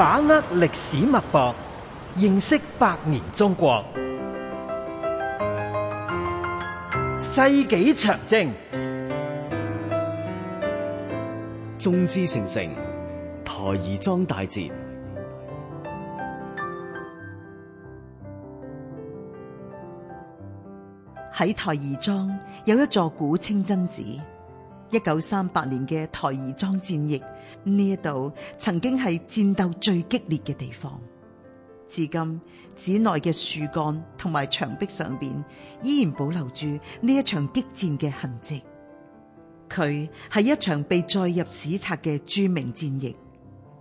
把握歷史脈搏，認識百年中國。世紀長征，眾志成城。台兒莊大捷。喺台兒莊有一座古清真寺。一九三八年嘅台兒莊戰役，呢一度曾經係戰鬥最激烈嘅地方，至今寺內嘅樹幹同埋牆壁上邊依然保留住呢一場激戰嘅痕迹。佢係一場被載入史冊嘅著名戰役，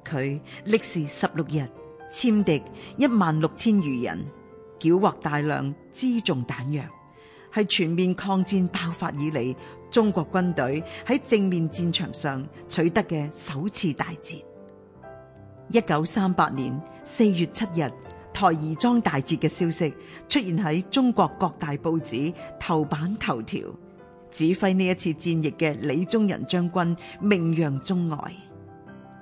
佢歷時十六日，殲敵一萬六千餘人，繳獲大量輜重彈藥。係全面抗戰爆發以嚟，中國軍隊喺正面戰場上取得嘅首次大捷。一九三八年四月七日，台兒莊大捷嘅消息出現喺中國各大報紙頭版頭條，指揮呢一次戰役嘅李宗仁將軍名揚中外。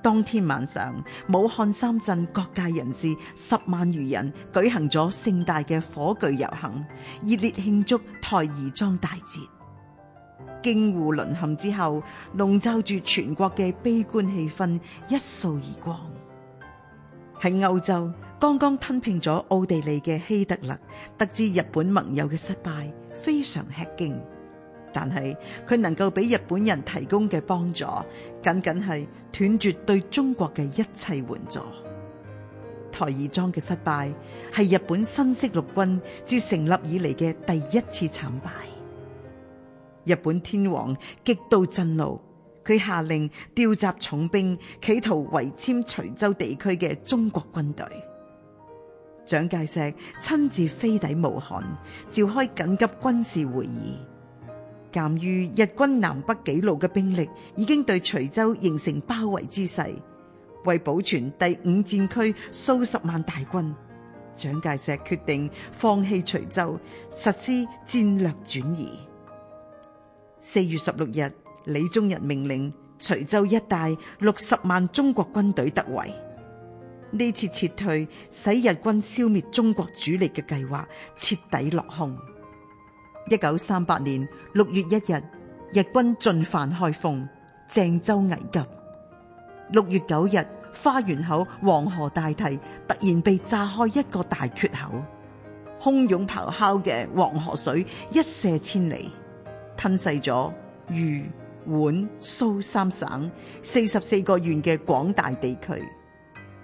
當天晚上，武漢三鎮各界人士十萬餘人舉行咗盛大嘅火炬遊行，熱烈慶祝台兒莊大捷。京滬淪陷之後，籠罩住全國嘅悲觀氣氛一掃而光。喺歐洲，剛剛吞併咗奧地利嘅希特勒，得知日本盟友嘅失敗，非常吃驚。但係佢能夠俾日本人提供嘅幫助，僅僅係斷絕對中國嘅一切援助。台兒莊嘅失敗係日本新式陸軍自成立以嚟嘅第一次慘敗。日本天皇極度震怒，佢下令調集重兵，企圖圍殲徐州地區嘅中國軍隊。蔣介石親自飛抵武漢，召開緊急軍事會議。鑑於日軍南北幾路嘅兵力已經對徐州形成包圍之勢，為保存第五戰區數十萬大軍，蔣介石決定放棄徐州，實施戰略轉移。四月十六日，李宗仁命令徐州一帶六十萬中國軍隊突圍。呢次撤退使日軍消滅中國主力嘅計劃徹底落空。一九三八年六月一日，日軍進犯開封、鄭州危急。六月九日，花園口黃河大堤突然被炸開一個大缺口，洶湧咆哮嘅黃河水一瀉千里，吞噬咗豫、皖、蘇三省四十四個縣嘅廣大地區。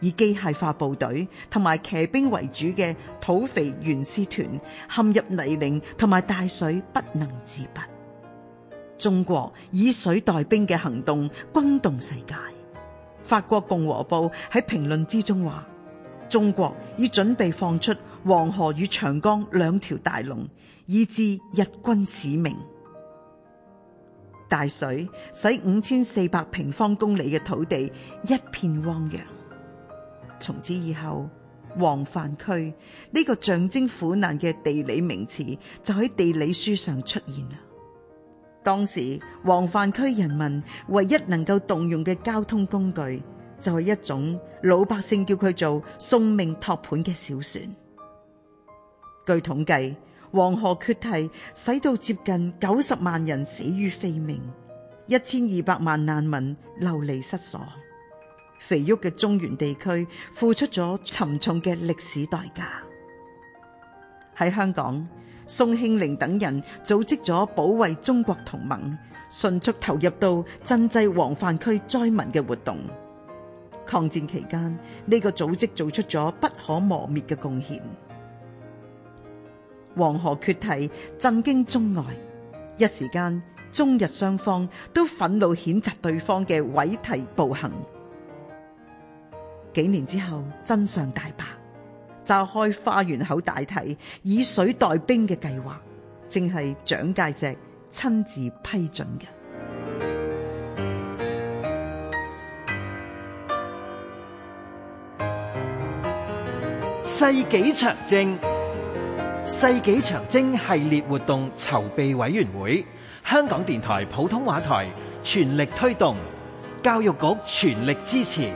以機械化部隊同埋騎兵為主嘅土肥原師團陷入泥濘同埋大水，不能自拔。中國以水代兵嘅行動轟動世界。法國共和報喺評論之中話：中國已準備放出黃河與長江兩條大龍，以至日軍使命。大水使五千四百平方公里嘅土地一片汪洋。從此以後，黃泛區呢個象徵苦難嘅地理名詞就喺地理書上出現啦。當時黃泛區人民唯一能夠動用嘅交通工具就係一種老百姓叫佢做送命托盤嘅小船。據統計，黃河決堤使到接近九十萬人死於非命，一千二百萬難民流離失所。肥沃嘅中原地區付出咗沉重嘅歷史代價。喺香港，宋慶齡等人組織咗保衛中國同盟，迅速投入到賑濟黃泛區災民嘅活動。抗戰期間，呢、這個組織做出咗不可磨滅嘅貢獻。黃河決堤震驚中外，一時間中日雙方都憤怒譴責對方嘅毀堤暴行。幾年之後真相大白，炸開花園口大堤以水代兵嘅計劃，正係蔣介石親自批准嘅。世紀長征、世紀長征系列活動籌備委員會，香港電台普通話台全力推動，教育局全力支持。